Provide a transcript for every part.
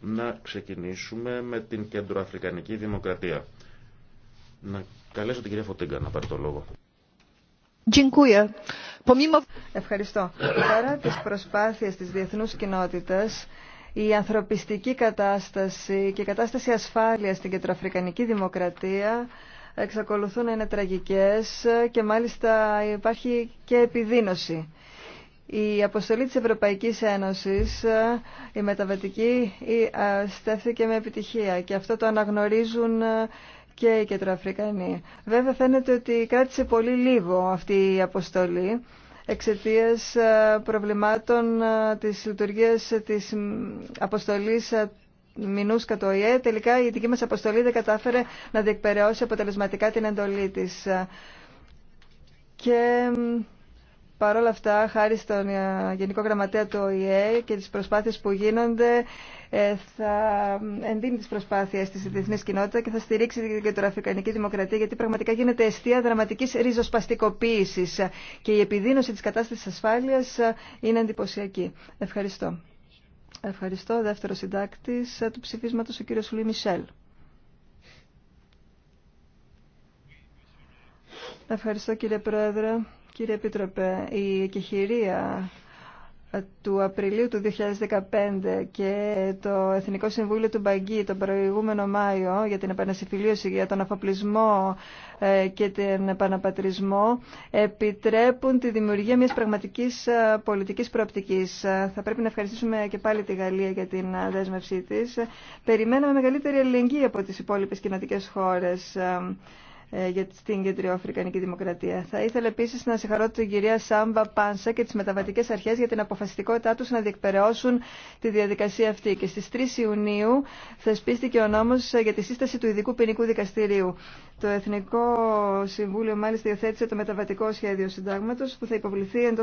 να ξεκινήσουμε με την κεντροαφρικανική δημοκρατία. Να καλέσω την κυρία Φωτίγκα να πάρει το λόγο. Ευχαριστώ. Παρά τις προσπάθειες της διεθνούς κοινότητας, η ανθρωπιστική κατάσταση και η κατάσταση ασφάλειας στην κεντροαφρικανική δημοκρατία εξακολουθούν να είναι τραγικές και μάλιστα υπάρχει και επιδείνωση. Η αποστολή της Ευρωπαϊκής Ένωσης, ε, η μεταβατική, ε, στέφθηκε με επιτυχία και αυτό το αναγνωρίζουν ε, και οι κεντροαφρικανοί. Βέβαια φαίνεται ότι κράτησε πολύ λίγο αυτή η αποστολή εξαιτίας προβλημάτων της λειτουργίας της αποστολής μηνούσκα το ΙΕ. Τελικά η δική μας αποστολή δεν κατάφερε να διεκπαιρεώσει αποτελεσματικά την εντολή της. Και Παρ' όλα αυτά, χάρη στον ε, Γενικό Γραμματέα του ΟΗΕ και τις προσπάθειες που γίνονται, ε, θα ενδύνει τις προσπάθειες της διεθνής κοινότητα και θα στηρίξει και την Αφρικανική Δημοκρατία, γιατί πραγματικά γίνεται αιστεία δραματικής ριζοσπαστικοποίησης και η επιδείνωση της κατάστασης ασφάλειας ε, είναι εντυπωσιακή. Ευχαριστώ. Ευχαριστώ. Δεύτερο συντάκτη του ψηφίσματος, ο κύριος Λουί Μισελ. Ευχαριστώ κύριε Πρόεδρε. Κύριε Επίτροπε, η εκεχηρία του Απριλίου του 2015 και το Εθνικό Συμβούλιο του Μπαγκή τον προηγούμενο Μάιο για την επανασυμφιλίωση, για τον αφοπλισμό ε, και τον επαναπατρισμό επιτρέπουν τη δημιουργία μιας πραγματικής ε, πολιτικής προοπτικής. Ε, θα πρέπει να ευχαριστήσουμε και πάλι τη Γαλλία για την δέσμευσή της. Περιμέναμε μεγαλύτερη ελληνική από τις υπόλοιπες κοινοτικές χώρες ε, για την Κεντριοαφρικανική Δημοκρατία. Θα ήθελα επίση να συγχαρώ την κυρία Σάμπα Πάνσα και τι μεταβατικέ αρχέ για την αποφασιστικότητά του να διεκπαιρεώσουν τη διαδικασία αυτή. Και στι 3 Ιουνίου θεσπίστηκε ο νόμο για τη σύσταση του Ειδικού Ποινικού Δικαστηρίου. Το Εθνικό Συμβούλιο μάλιστα υιοθέτησε το μεταβατικό σχέδιο συντάγματο που θα υποβληθεί εντό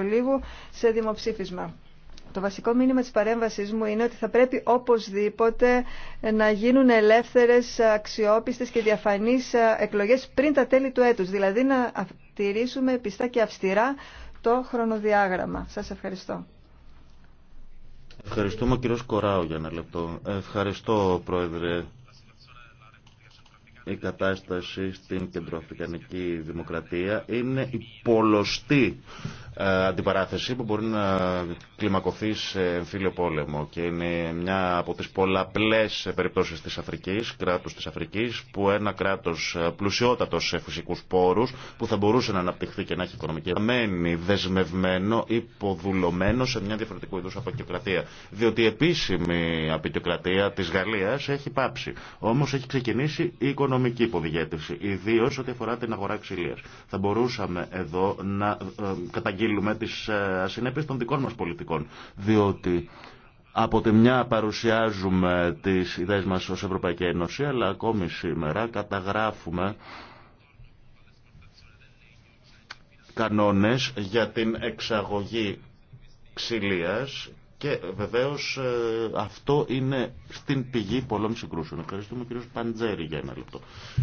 λίγου σε δημοψήφισμα. Το βασικό μήνυμα της παρέμβασής μου είναι ότι θα πρέπει οπωσδήποτε να γίνουν ελεύθερες, αξιόπιστες και διαφανείς εκλογές πριν τα τέλη του έτους. Δηλαδή να τηρήσουμε πιστά και αυστηρά το χρονοδιάγραμμα. Σας ευχαριστώ. Ευχαριστούμε κύριο Κοράου για ένα λεπτό. Ευχαριστώ πρόεδρε η κατάσταση στην κεντροαφρικανική δημοκρατία είναι η ε, αντιπαράθεση που μπορεί να κλιμακωθεί σε εμφύλιο πόλεμο και είναι μια από τις πολλαπλές περιπτώσεις της Αφρικής, κράτους της Αφρικής που ένα κράτος πλουσιότατο σε φυσικούς πόρους που θα μπορούσε να αναπτυχθεί και να έχει οικονομική μένει δεσμευμένο υποδουλωμένο σε μια διαφορετικού είδους απεικιοκρατία. διότι η επίσημη απεικιοκρατία της Γαλλίας έχει πάψει όμως έχει ξεκινήσει η οικονομική υποδηγέτηση ιδίως ό,τι αφορά την αγορά ξυλίας θα μπορούσαμε εδώ να ε, ε, καταγγείλουμε οφείλουμε τις ε, ασυνέπειες των δικών μας πολιτικών. Διότι από τη μια παρουσιάζουμε τις ιδέες μας ως Ευρωπαϊκή Ένωση, αλλά ακόμη σήμερα καταγράφουμε κανόνες για την εξαγωγή ξυλίας και ε, βεβαίως ε, αυτό είναι στην πηγή πολλών συγκρούσεων. Ευχαριστούμε κύριο Παντζέρη για ένα λεπτό.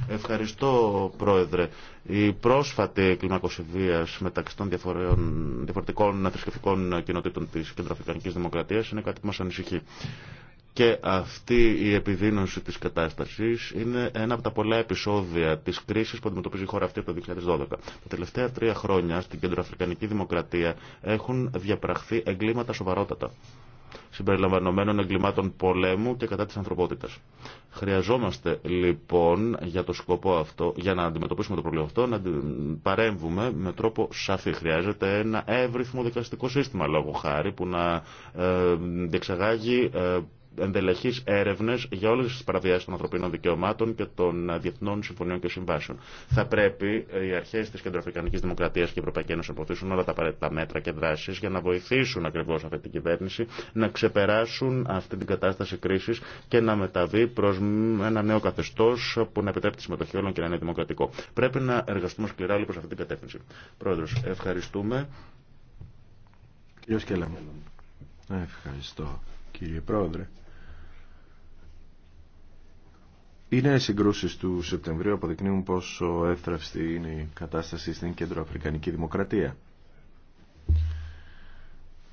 Ευχαριστώ πρόεδρε. Η πρόσφατη κλιμακοσυμβία μεταξύ των διαφορετικών θρησκευτικών κοινοτήτων τη Κεντροαφρικανική Δημοκρατία είναι κάτι που μας ανησυχεί. Και αυτή η επιδείνωση της κατάστασης είναι ένα από τα πολλά επεισόδια της κρίσης που αντιμετωπίζει η χώρα αυτή από το 2012. Τα τελευταία τρία χρόνια στην Κεντροαφρικανική Δημοκρατία έχουν διαπραχθεί εγκλήματα σοβαρότατα συμπεριλαμβανομένων εγκλημάτων πολέμου και κατά της ανθρωπότητας. Χρειαζόμαστε λοιπόν για το σκοπό αυτό, για να αντιμετωπίσουμε το πρόβλημα αυτό, να παρέμβουμε με τρόπο σαφή. Χρειάζεται ένα εύρυθμο δικαστικό σύστημα λόγω χάρη που να ε, διεξαγάγει ε, ενδελεχείς έρευνε για όλε τι παραβιάσει των ανθρωπίνων δικαιωμάτων και των ε, διεθνών συμφωνιών και συμβάσεων. Θα πρέπει ε, οι αρχέ τη Κεντροαφρικανική Δημοκρατία και η Ευρωπαϊκή Ένωση να αποθήσουν όλα τα απαραίτητα μέτρα και δράσει για να βοηθήσουν ακριβώ αυτή την κυβέρνηση να ξεπεράσουν αυτή την κατάσταση κρίση και να μεταβεί προ ένα νέο καθεστώ που να επιτρέπει τη συμμετοχή όλων και να είναι δημοκρατικό. Πρέπει να εργαστούμε σκληρά λοιπόν σε αυτή την κατεύθυνση. Πρόεδρο. ευχαριστούμε. Ευχαριστώ κύριε Πρόεδρε. Οι νέε συγκρούσει του Σεπτεμβρίου αποδεικνύουν πόσο εύθραυστη είναι η κατάσταση στην κεντροαφρικανική δημοκρατία.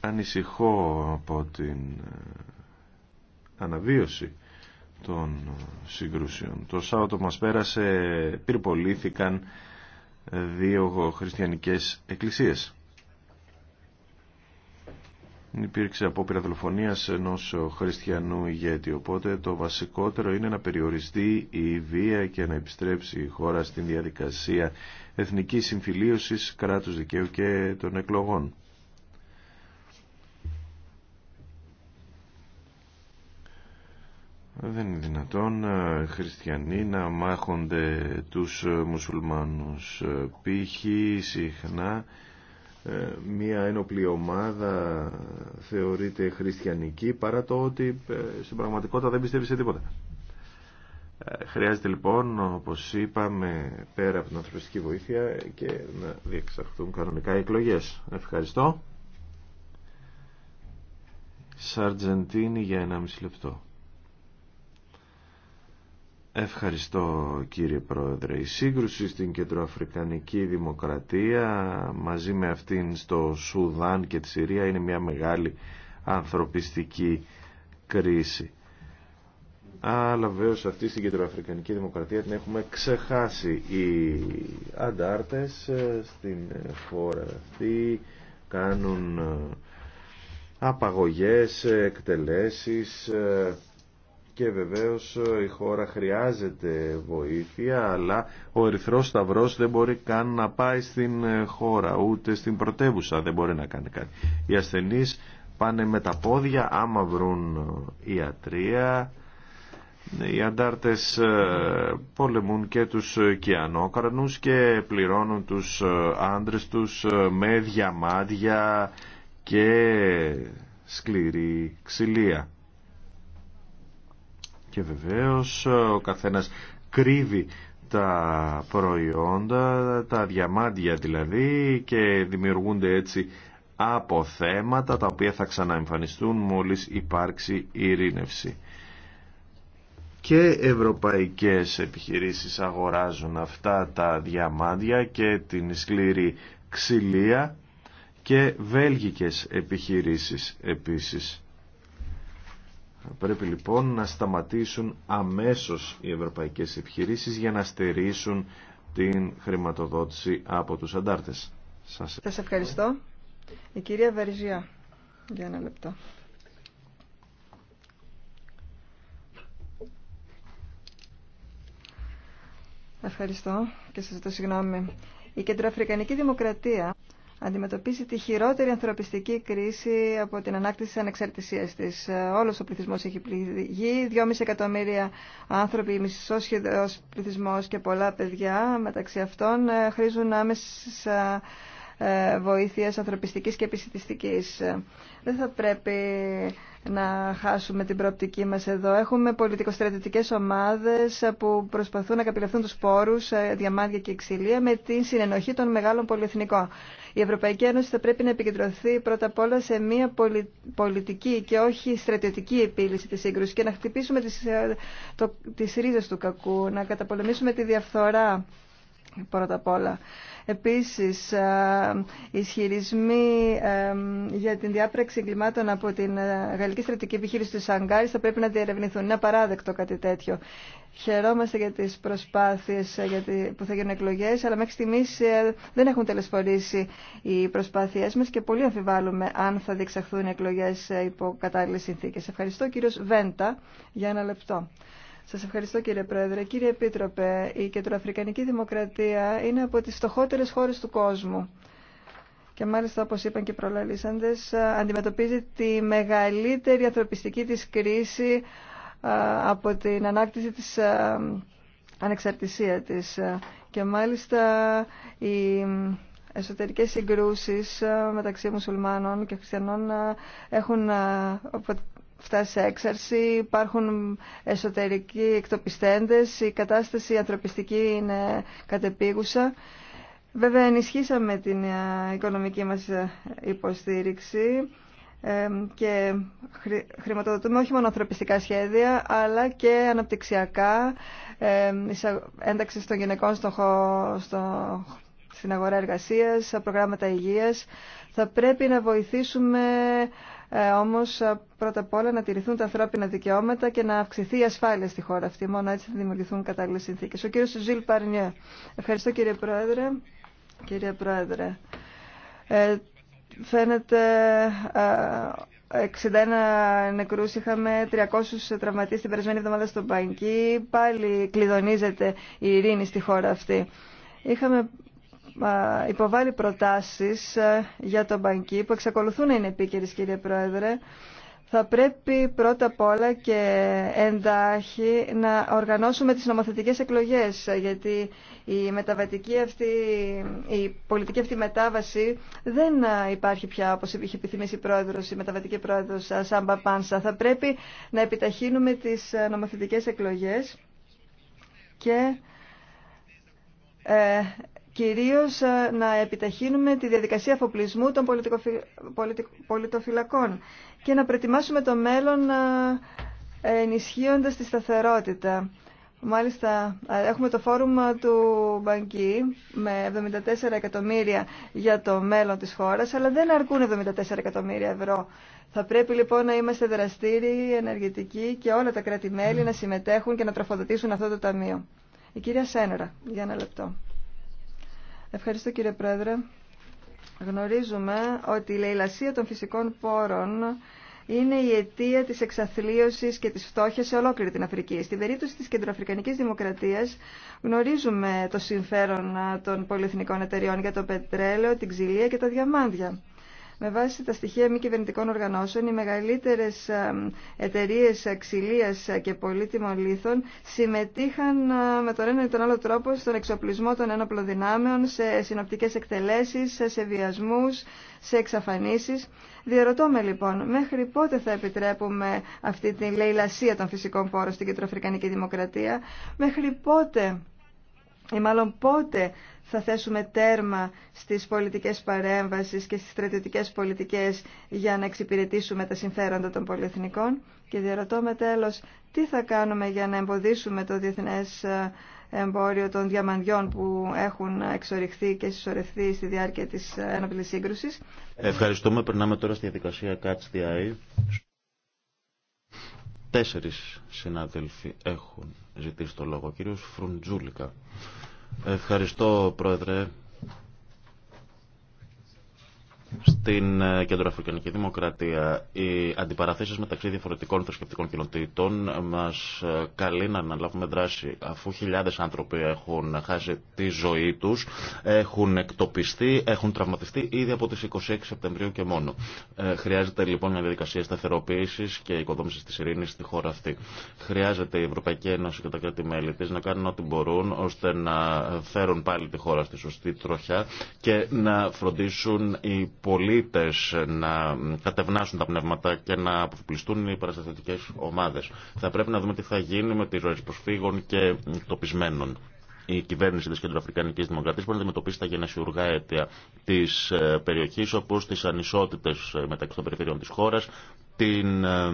Ανησυχώ από την ε, αναβίωση των ε, συγκρούσεων. Το Σάββατο μας πέρασε πυρπολήθηκαν δύο χριστιανικές εκκλησίες υπήρξε απόπειρα δολοφονίας ενός χριστιανού ηγέτη. Οπότε το βασικότερο είναι να περιοριστεί η βία και να επιστρέψει η χώρα στην διαδικασία εθνικής συμφιλίωσης, κράτους δικαίου και των εκλογών. Δεν είναι δυνατόν ε, χριστιανοί να μάχονται τους μουσουλμάνους. Ε, π.χ. συχνά ε, μία ένοπλη ομάδα θεωρείται χριστιανική παρά το ότι ε, στην πραγματικότητα δεν πιστεύει σε τίποτα. Ε, χρειάζεται λοιπόν, όπως είπαμε, πέρα από την ανθρωπιστική βοήθεια και να διεξαχθούν κανονικά εκλογές. Ευχαριστώ. Σαρτζεντίνη για ένα μισή λεπτό. Ευχαριστώ κύριε Πρόεδρε. Η σύγκρουση στην κεντροαφρικανική δημοκρατία μαζί με αυτήν στο Σουδάν και τη Συρία είναι μια μεγάλη ανθρωπιστική κρίση. Αλλά βέβαια αυτή στην κεντροαφρικανική δημοκρατία την έχουμε ξεχάσει. Οι αντάρτες ε, στην χώρα αυτή κάνουν ε, απαγωγές, ε, εκτελέσεις, και βεβαίως ε, η χώρα χρειάζεται βοήθεια αλλά ο Ερυθρός Σταυρός δεν μπορεί καν να πάει στην ε, χώρα ούτε στην πρωτεύουσα δεν μπορεί να κάνει κάτι. Οι ασθενείς πάνε με τα πόδια άμα βρουν ε, ιατρία οι αντάρτες πολεμούν και τους κιανόκαρνους και πληρώνουν τους άντρες τους με διαμάντια και σκληρή ξυλία. Και βεβαίως ε, ο καθένας κρύβει τα προϊόντα, τα διαμάντια δηλαδή και δημιουργούνται έτσι από θέματα τα οποία θα ξαναεμφανιστούν μόλις υπάρξει ειρήνευση. Και ευρωπαϊκές επιχειρήσεις αγοράζουν αυτά τα διαμάντια και την σκληρή ξυλία και βέλγικες επιχειρήσεις επίσης. Πρέπει λοιπόν να σταματήσουν αμέσως οι ευρωπαϊκές επιχειρήσεις για να στερήσουν την χρηματοδότηση από τους αντάρτες. Σας ευχαριστώ. ευχαριστώ. Η κυρία Βεριζιά, για ένα λεπτό. Ευχαριστώ και σας ζητώ συγγνώμη. Η Κεντροαφρικανική Δημοκρατία αντιμετωπίσει τη χειρότερη ανθρωπιστική κρίση από την ανάκτηση της ανεξαρτησίας της. Όλος ο πληθυσμός έχει πληγεί, 2,5 εκατομμύρια άνθρωποι, μισός σχεδός πληθυσμός και πολλά παιδιά μεταξύ αυτών ε, χρήζουν άμεσης ε, ε, βοήθειας ανθρωπιστικής και επισητιστικής. Δεν θα πρέπει να χάσουμε την προοπτική μας εδώ. Έχουμε πολιτικοστρατητικές ομάδες που προσπαθούν να καπηλευθούν τους πόρους, ε, διαμάντια και ξυλία, με την συνενοχή των μεγάλων πολυεθνικών. Η Ευρωπαϊκή Ένωση θα πρέπει να επικεντρωθεί πρώτα απ' όλα σε μια πολιτική και όχι στρατιωτική επίλυση της σύγκρουσης και να χτυπήσουμε τις, ε, το, τις ρίζες του κακού, να καταπολεμήσουμε τη διαφθορά πρώτα απ' Επίσης, ε, ισχυρισμοί ε, για την διάπραξη εγκλημάτων από την ε, γαλλική στρατική επιχείρηση του Σαγκάρης θα πρέπει να διερευνηθούν. Είναι απαράδεκτο κάτι τέτοιο. Χαιρόμαστε για τις προσπάθειες που θα γίνουν εκλογές, αλλά μέχρι στιγμής δεν έχουν τελεσφορήσει οι προσπάθειές μας και πολύ αμφιβάλλουμε αν θα διεξαχθούν εκλογές υπό κατάλληλες συνθήκες. Ευχαριστώ κύριος Βέντα για ένα λεπτό. Σας ευχαριστώ κύριε Πρόεδρε. Κύριε Επίτροπε, η κεντροαφρικανική δημοκρατία είναι από τις φτωχότερες χώρες του κόσμου. Και μάλιστα, όπως είπαν και οι προλαλήσαντες, αντιμετωπίζει τη μεγαλύτερη ανθρωπιστική της κρίση από την ανάκτηση της ανεξαρτησία της. Και μάλιστα οι εσωτερικές συγκρούσεις μεταξύ μουσουλμάνων και χριστιανών έχουν φτάσει σε έξαρση, υπάρχουν εσωτερικοί εκτοπιστέντες, η κατάσταση ανθρωπιστική είναι κατεπίγουσα. Βέβαια ενισχύσαμε την ε, οικονομική μας ε, υποστήριξη ε, και χρηματοδοτούμε όχι μόνο ανθρωπιστικά σχέδια αλλά και αναπτυξιακά ένταξη των γυναικών στο, στο, στην αγορά εργασίας, προγράμματα υγείας. Θα πρέπει να βοηθήσουμε ε, όμως ε, πρώτα απ' όλα να τηρηθούν τα ανθρώπινα δικαιώματα και να αυξηθεί η ασφάλεια στη χώρα αυτή. Μόνο έτσι θα δημιουργηθούν κατάλληλες συνθήκες. Ο κύριος Ζιλ Παρνιέ. Ευχαριστώ κύριε Πρόεδρε. Κύριε Πρόεδρε, ε, φαίνεται... Ε, 61 νεκρούς είχαμε, 300 τραυματίες την περασμένη εβδομάδα στο Πανκί. Πάλι κλειδονίζεται η ειρήνη στη χώρα αυτή. Είχαμε υποβάλει προτάσεις για τον Μπανκί που εξακολουθούν να είναι επίκαιρες κύριε Πρόεδρε θα πρέπει πρώτα απ' όλα και εντάχει να οργανώσουμε τις νομοθετικές εκλογές γιατί η, μεταβατική αυτή, η πολιτική αυτή μετάβαση δεν υπάρχει πια όπως είχε επιθυμήσει η πρόεδρος, η μεταβατική πρόεδρος Σάμπα Πάνσα. Θα πρέπει να επιταχύνουμε τις νομοθετικές εκλογές και ε, κυρίως ε, να επιταχύνουμε τη διαδικασία αφοπλισμού των πολιτοφυλακών και να προετοιμάσουμε το μέλλον ε, ενισχύοντας τη σταθερότητα. Μάλιστα, ε, έχουμε το φόρουμ του Μπανκί με 74 εκατομμύρια για το μέλλον της χώρας, αλλά δεν αρκούν 74 εκατομμύρια ευρώ. Θα πρέπει λοιπόν να είμαστε δραστήριοι, ενεργητικοί και όλα τα κράτη-μέλη να συμμετέχουν και να τροφοδοτήσουν αυτό το ταμείο. Η κυρία Σένερα, για ένα λεπτό. Ευχαριστώ κύριε Πρόεδρε. Γνωρίζουμε ότι η λαιλασία των φυσικών πόρων είναι η αιτία της εξαθλίωσης και της φτώχειας σε ολόκληρη την Αφρική. Στην περίπτωση της κεντροαφρικανικής δημοκρατίας γνωρίζουμε το συμφέρον των πολυεθνικών εταιριών για το πετρέλαιο, την ξυλία και τα διαμάντια. Με βάση τα στοιχεία μη κυβερνητικών οργανώσεων, οι μεγαλύτερε εταιρείε ξυλία και πολύτιμων λίθων συμμετείχαν ε, με τον ένα ή τον άλλο τρόπο στον εξοπλισμό των ένοπλων δυνάμεων, σε συνοπτικέ εκτελέσει, σε βιασμού, σε εξαφανίσει. Διερωτώμε λοιπόν, μέχρι πότε θα επιτρέπουμε αυτή τη λαιλασία των φυσικών πόρων στην Κεντροαφρικανική Δημοκρατία, μέχρι πότε ή μάλλον πότε θα θέσουμε τέρμα στις πολιτικές παρέμβασεις και στις στρατιωτικές πολιτικές για να εξυπηρετήσουμε τα συμφέροντα των πολυεθνικών και διαρωτώ με τέλος τι θα κάνουμε για να εμποδίσουμε το διεθνές ε, εμπόριο των διαμαντιών που έχουν εξοριχθεί και συσσωρευθεί στη διάρκεια της ε, ένοπλης σύγκρουσης. Ευχαριστούμε. Περνάμε τώρα στη διαδικασία Catch the Eye. Τέσσερις συνάδελφοι έχουν ζητήσει το λόγο. κύριος Φρουντζούλικα. Ευχαριστώ, Πρόεδρε. Στην ε, Κεντροαφρικανική Δημοκρατία οι αντιπαραθέσεις μεταξύ διαφορετικών θρησκευτικών κοινοτήτων μας ε, καλεί να αναλάβουμε δράση αφού χιλιάδες άνθρωποι έχουν χάσει τη ζωή τους, έχουν εκτοπιστεί, έχουν τραυματιστεί ήδη από τις 26 Σεπτεμβρίου και μόνο. Ε, χρειάζεται λοιπόν μια διαδικασία σταθεροποίηση και οικοδομηση της ειρήνης στη χώρα αυτή. Χρειάζεται η Ευρωπαϊκή Ένωση και τα κράτη-μέλη της να κάνουν ό,τι μπορούν ώστε να φέρουν πάλι τη χώρα στη σωστή τροχιά και να φροντίσουν οι πολίτες να κατευνάσουν τα πνεύματα και να αποφυπλιστούν οι παραστατικέ ομάδε. Θα πρέπει να δούμε τι θα γίνει με τι ροέ προσφύγων και τοπισμένων η κυβέρνηση τη Κεντροαφρικανική Δημοκρατία μπορεί να αντιμετωπίσει τα γενεσιουργά αίτια τη ε, περιοχή, όπω τι ανισότητε ε, μεταξύ των περιφερειών τη χώρα, την ε,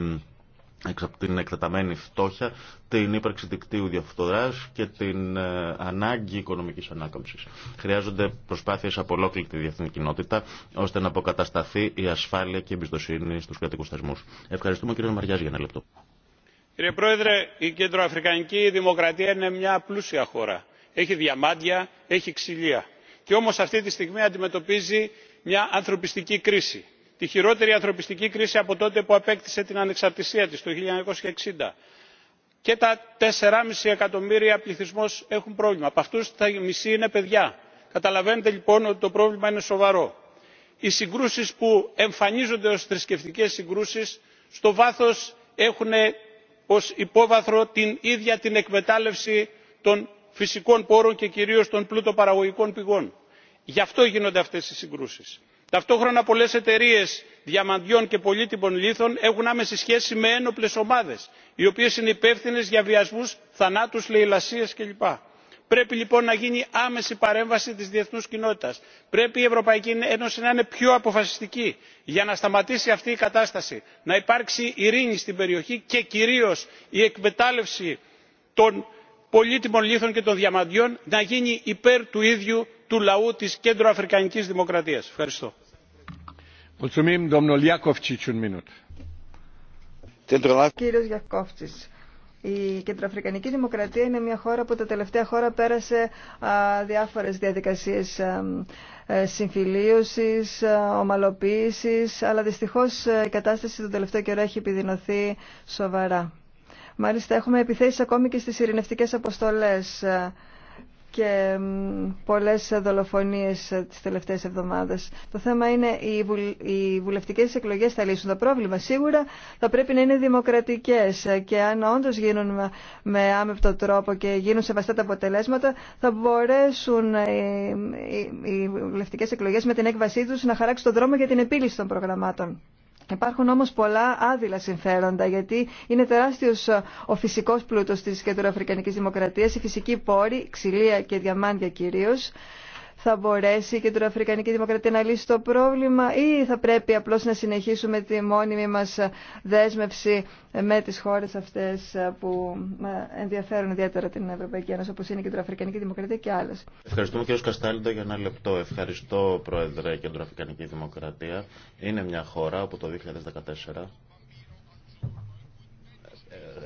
εξ από την εκτεταμένη φτώχεια, την ύπαρξη δικτύου διαφθοράς και την ε, ανάγκη οικονομικής ανάκαμψης. Χρειάζονται προσπάθειες από ολόκληρη τη διεθνή κοινότητα, ώστε να αποκατασταθεί η ασφάλεια και η εμπιστοσύνη στους κρατικούς θεσμούς. Ευχαριστούμε κύριε μαριά για ένα λεπτό. Κύριε Πρόεδρε, η Κεντροαφρικανική Δημοκρατία είναι μια πλούσια χώρα. Έχει διαμάντια, έχει ξυλία. Και όμως αυτή τη στιγμή αντιμετωπίζει μια ανθρωπιστική κρίση τη χειρότερη ανθρωπιστική κρίση από τότε που απέκτησε την ανεξαρτησία της το 1960. Και τα 4,5 εκατομμύρια πληθυσμός έχουν πρόβλημα. Από αυτούς τα μισή είναι παιδιά. Καταλαβαίνετε λοιπόν ότι το πρόβλημα είναι σοβαρό. Οι συγκρούσεις που εμφανίζονται ως θρησκευτικές συγκρούσεις στο βάθος έχουν ως υπόβαθρο την ίδια την εκμετάλλευση των φυσικών πόρων και κυρίως των πλούτοπαραγωγικών πηγών. Γι' αυτό γίνονται αυτές οι συγκρούσεις ταυτόχρονα πολλές εταιρείες διαμαντιών και πολύτιμων λίθων έχουν άμεση σχέση με ένοπλες ομάδες οι οποίες είναι υπεύθυνες για βιασμούς θανάτους λαιλασίες κλπ. πρέπει λοιπόν να γίνει άμεση παρέμβαση της διεθνούς κοινότητας. πρέπει η ευρωπαϊκή ένωση να είναι πιο αποφασιστική για να σταματήσει αυτή η κατάσταση να υπάρξει ειρήνη στην περιοχή και κυρίως η εκμετάλλευση των πολύτιμων λίθων και των διαμαντιών να γίνει υπέρ του ίδιου του λαού της κέντροαφρικανικής δημοκρατίας. ευχαριστώ. Κύριο Γιακόφτσης, η Κεντροαφρικανική Δημοκρατία είναι μια χώρα που τα τελευταία χώρα πέρασε διάφορες διαδικασίες ε, συμφιλίωσης, ομαλοποίησης, αλλά δυστυχώς ε, η κατάσταση τον τελευταίο καιρό έχει επιδεινωθεί σοβαρά. Μάλιστα έχουμε επιθέσεις ακόμη και στι ειρηνευτικές αποστολέ και πολλές δολοφονίες τις τελευταίες εβδομάδες. Το θέμα είναι οι βουλευτικές εκλογές θα λύσουν το πρόβλημα. Σίγουρα θα πρέπει να είναι δημοκρατικές και αν όντως γίνουν με άμεπτο τρόπο και γίνουν σεβαστά τα αποτελέσματα θα μπορέσουν οι βουλευτικές εκλογές με την έκβασή τους να χαράξουν τον δρόμο για την επίλυση των προγραμμάτων. Υπάρχουν όμως πολλά άδειλα συμφέροντα γιατί είναι τεράστιος ο φυσικός πλούτος της κεντροαφρικανικής δημοκρατίας, η φυσική πόρη, ξυλία και διαμάντια κυρίως θα μπορέσει η κεντροαφρικανική Δημοκρατία να λύσει το πρόβλημα ή θα πρέπει απλώς να συνεχίσουμε τη μόνιμη μας δέσμευση με τις χώρες αυτές που ενδιαφέρουν ιδιαίτερα την Ευρωπαϊκή Ένωση όπως είναι η Κεντροαφρικανική Δημοκρατία και άλλες. Ευχαριστούμε κύριο Καστάλιντο για ένα λεπτό. Ευχαριστώ Πρόεδρε η Κεντροαφρικανική Δημοκρατία. Είναι μια χώρα από το 2014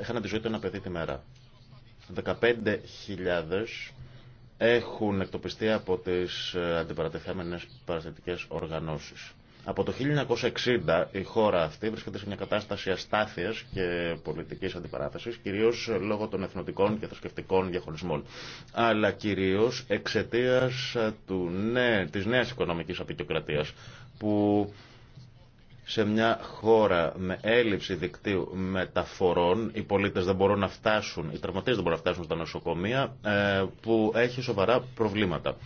έχανα τη ζωή του ένα παιδί τη μέρα. 15.000 έχουν εκτοπιστεί από τις ε, αντιπαρατεθέμενες παραστατικές οργανώσεις. Από το 1960 η χώρα αυτή βρίσκεται σε μια κατάσταση αστάθειας και πολιτικής αντιπαράθεσης, κυρίως λόγω των εθνοτικών και θρησκευτικών διαχωρισμών, αλλά κυρίως εξαιτίας του, νέα της νέας οικονομικής απεικιοκρατίας, που σε μια χώρα με έλλειψη δικτύου μεταφορών, οι πολίτες δεν μπορούν να φτάσουν, οι τραυματίες δεν μπορούν να φτάσουν στα νοσοκομεία, ε, που έχει σοβαρά προβλήματα.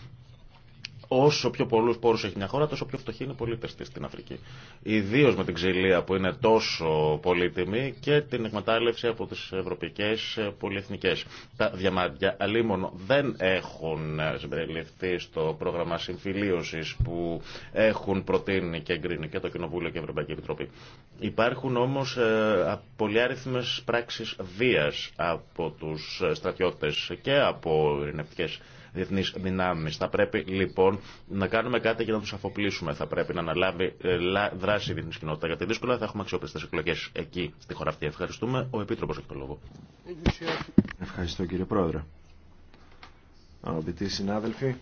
Όσο πιο πολλού πόρου έχει μια χώρα, τόσο πιο φτωχοί είναι οι πολίτε τη στην Αφρική. Ιδίω με την ξυλία που είναι τόσο πολύτιμη και την εκμετάλλευση από τι ευρωπαϊκέ πολυεθνικέ. Τα διαμάντια αλίμονο δεν έχουν συμπεριληφθεί στο πρόγραμμα συμφιλίωση που έχουν προτείνει και εγκρίνει και το Κοινοβούλιο και η Ευρωπαϊκή Επιτροπή. Υπάρχουν όμω ε, πολυάριθμε πράξει βία από του στρατιώτε και από ειρηνευτικέ διεθνεί δυνάμει. Θα πρέπει λοιπόν να κάνουμε κάτι για να τους αφοπλίσουμε. Θα πρέπει να αναλάβει ε, δράση η διεθνή κοινότητα. Γιατί δύσκολα θα έχουμε αξιόπιστες εκλογές εκεί στη χώρα αυτή. Ευχαριστούμε. Ο Επίτροπος έχει το λόγο. Ευχαριστώ κύριε Πρόεδρε. Αγαπητοί συνάδελφοι.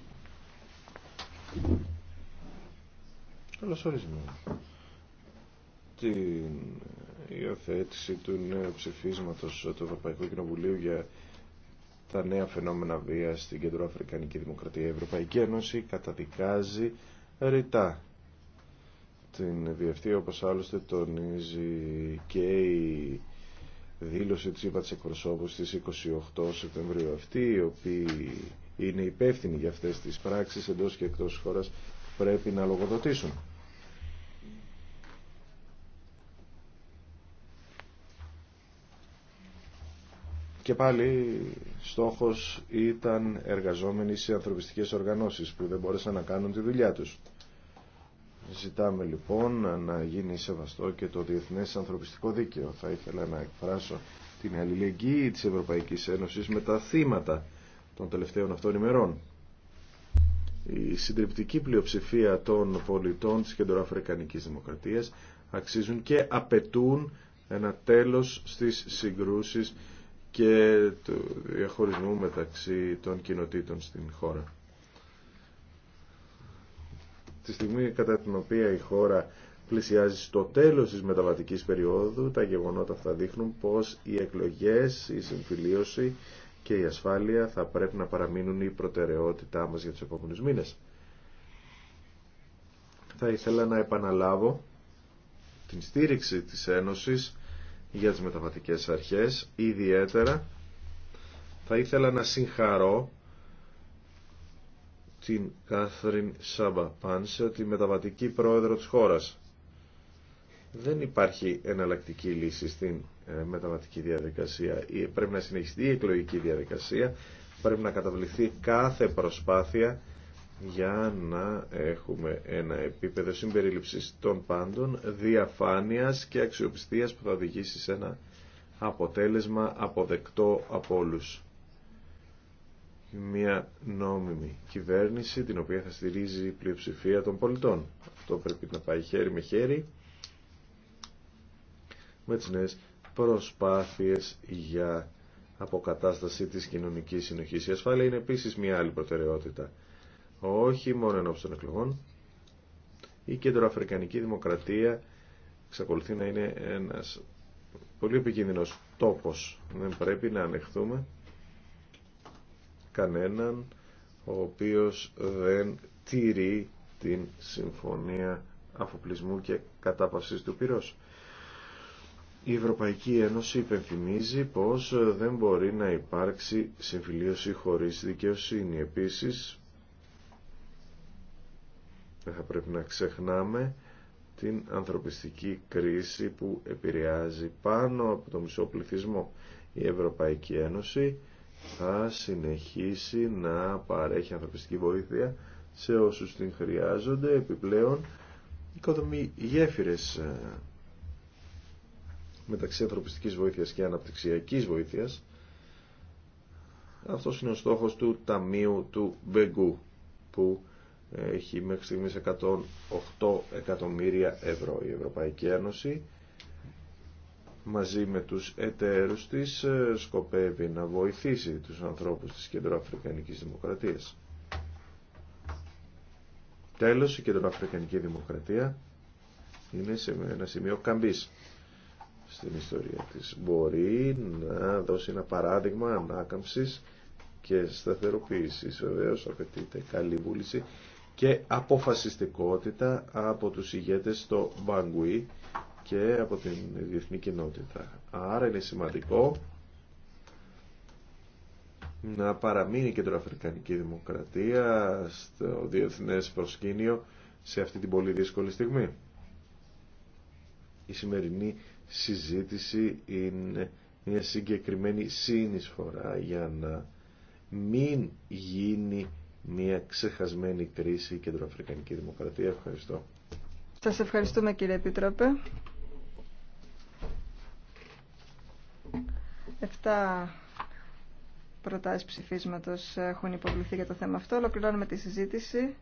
Καλώς ορίζουμε την υιοθέτηση του νέου ψηφίσματος του Ευρωπαϊκού Κοινοβουλίου για τα νέα φαινόμενα βίας στην Κεντροαφρικανική Δημοκρατία. Ευρωπαϊκή Ένωση καταδικάζει ρητά την βιευτή όπως άλλωστε τονίζει και η δήλωση της ΥΠΑ εκπροσώπου στις 28 Σεπτεμβρίου. αυτή οι οποίοι είναι υπεύθυνοι για αυτές τις πράξεις εντός και εκτός χώρας πρέπει να λογοδοτήσουν. Και πάλι στόχος ήταν εργαζόμενοι σε ανθρωπιστικές οργανώσεις που δεν μπόρεσαν να κάνουν τη δουλειά τους. Ζητάμε λοιπόν να γίνει σεβαστό και το διεθνές ανθρωπιστικό δίκαιο. Θα ήθελα να εκφράσω την αλληλεγγύη της Ευρωπαϊκής Ένωσης με τα θύματα των τελευταίων αυτών ημερών. Η συντριπτική πλειοψηφία των πολιτών της Κεντροαφρικανικής Δημοκρατίας αξίζουν και απαιτούν ένα τέλος στις συγκρούσεις και του διαχωρισμού μεταξύ των κοινοτήτων στην χώρα. Τη στιγμή κατά την οποία η χώρα πλησιάζει στο τέλος της μεταβατικής περίοδου, τα γεγονότα θα δείχνουν πως οι εκλογές, η συμφιλίωση και η ασφάλεια θα πρέπει να παραμείνουν η προτεραιότητά μας για τους επόμενους μήνες. Θα ήθελα να επαναλάβω την στήριξη της Ένωσης για τις μεταβατικές αρχές. Ιδιαίτερα θα ήθελα να συγχαρώ την Κάθριν Σάμπα Πάνσε, τη μεταβατική πρόεδρο της χώρας. Δεν υπάρχει εναλλακτική λύση στην ε, μεταβατική διαδικασία. Πρέπει να συνεχιστεί η εκλογική διαδικασία, πρέπει να καταβληθεί κάθε προσπάθεια για να έχουμε ένα επίπεδο συμπερίληψης των πάντων, διαφάνειας και αξιοπιστίας που θα οδηγήσει σε ένα αποτέλεσμα αποδεκτό από όλους. Μια νόμιμη κυβέρνηση την οποία θα στηρίζει η πλειοψηφία των πολιτών. Αυτό πρέπει να πάει χέρι με χέρι με τις νέες προσπάθειες για αποκατάσταση της κοινωνικής συνοχής. Η ασφάλεια είναι επίσης μια άλλη προτεραιότητα όχι μόνο ενώπιση των εκλογών. Η κεντροαφρικανική δημοκρατία εξακολουθεί να είναι ένας πολύ επικίνδυνος τόπος. Δεν πρέπει να ανεχθούμε κανέναν ο οποίος δεν τηρεί την συμφωνία αφοπλισμού και κατάπαυσης του πυρός. Η Ευρωπαϊκή Ένωση υπενθυμίζει πως δεν μπορεί να υπάρξει συμφιλίωση χωρίς δικαιοσύνη. Επίσης, δεν θα πρέπει να ξεχνάμε την ανθρωπιστική κρίση που επηρεάζει πάνω από το μισό πληθυσμό. Η Ευρωπαϊκή Ένωση θα συνεχίσει να παρέχει ανθρωπιστική βοήθεια σε όσους την χρειάζονται. Επιπλέον, οικοδομεί γέφυρες ε, μεταξύ ανθρωπιστικής βοήθειας και αναπτυξιακής βοήθειας. Αυτός είναι ο στόχος του Ταμείου του Μπεγκού που έχει μέχρι στιγμής 108 εκατομμύρια ευρώ η Ευρωπαϊκή Ένωση μαζί με τους εταίρους της ε, σκοπεύει να βοηθήσει τους ανθρώπους της Κεντροαφρικανικής Δημοκρατίας. Τέλος, η Κεντροαφρικανική Δημοκρατία είναι σε ένα σημείο καμπής στην ιστορία της. Μπορεί να δώσει ένα παράδειγμα ανάκαμψης και σταθεροποίησης. Βεβαίως απαιτείται καλή βούληση και αποφασιστικότητα από τους ηγέτες στο Μπαγκουί και από την διεθνή κοινότητα. Άρα είναι σημαντικό να παραμείνει η κεντροαφρικανική δημοκρατία στο διεθνές προσκήνιο σε αυτή την πολύ δύσκολη στιγμή. Η σημερινή συζήτηση είναι μια συγκεκριμένη συνεισφορά για να μην γίνει μια ξεχασμένη κρίση κεντροαφρικανική δημοκρατία. Ευχαριστώ. Σας ευχαριστούμε κύριε Επίτροπε. Εφτά προτάσεις ψηφίσματος έχουν υποβληθεί για το θέμα αυτό. Ολοκληρώνουμε τη συζήτηση.